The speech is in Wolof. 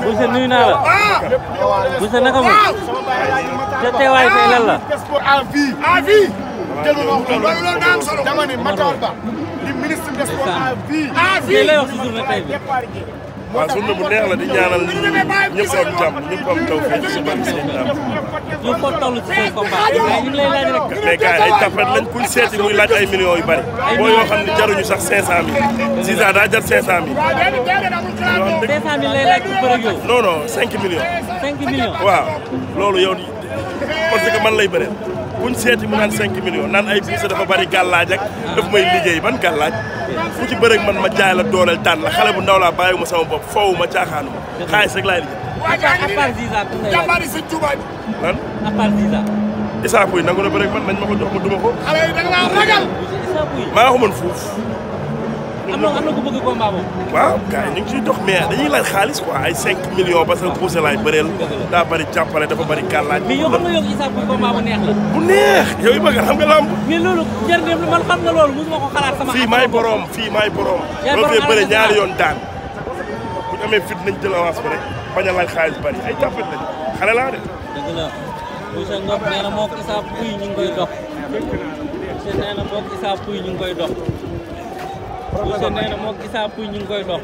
Boucher nuyu naa la Boucher naka mu sa teewaay tey lan la. à vie à vie. jël waaw journée bu neex la di ñaanal ñëpp am jàmm ñëpp am taw fii ci suba si ñu am. ñu ko toll ci say combat laaj ay tapet yu bari. boo yoo xam jaruñu sax 500000. 600 daa jar 500000. yoo xam ne 500000 lay laaj ci bërëb yooyu. loolu yow parce man lay bëreel. buñ seeti mu naan 5 millions naan ay biir dafa bari gàllaaj ak daf may liggéey ban gàllaaj fu ci bëreeg man ma jaay la dooleel daan la xale bu ndaw laa bàyyiwuma sama bopp foowu ma caaxaanu ma xaalis rek laay liggéey. jàmbaari sëñ Touba bi. lan à part Ziza. na bëreeg man nañ ma ko jox ma duma ko. xale yi da ma ragal. maa ko fuuf. am na am na ku bëgg combat boobu. waaw gars yi ñu ngi ciy dox mais dañuy laaj xaalis quoi ay 5 millions parce que poussé laay bëreel. daa bëri jàppale dafa bëri kàllaaj. mais yow xam nga yow Issa Pouye combat bu ko xalaat sama. fii maay borom fii ñaari yoon daan. bu ñu amee nañ jël avance bi a laaj xaalis bëri ay jàppale la monsieur Ngop nee na moog Issa ñu ngi koy dox. ñu ngi koy dox projet nee na moo gisaa puy ñu ngi koy dox